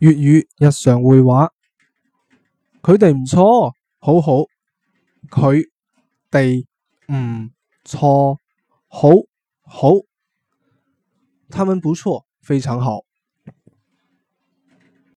粵語日常會話，佢哋唔錯，好好。佢哋唔錯，好好。他們不錯，非常好。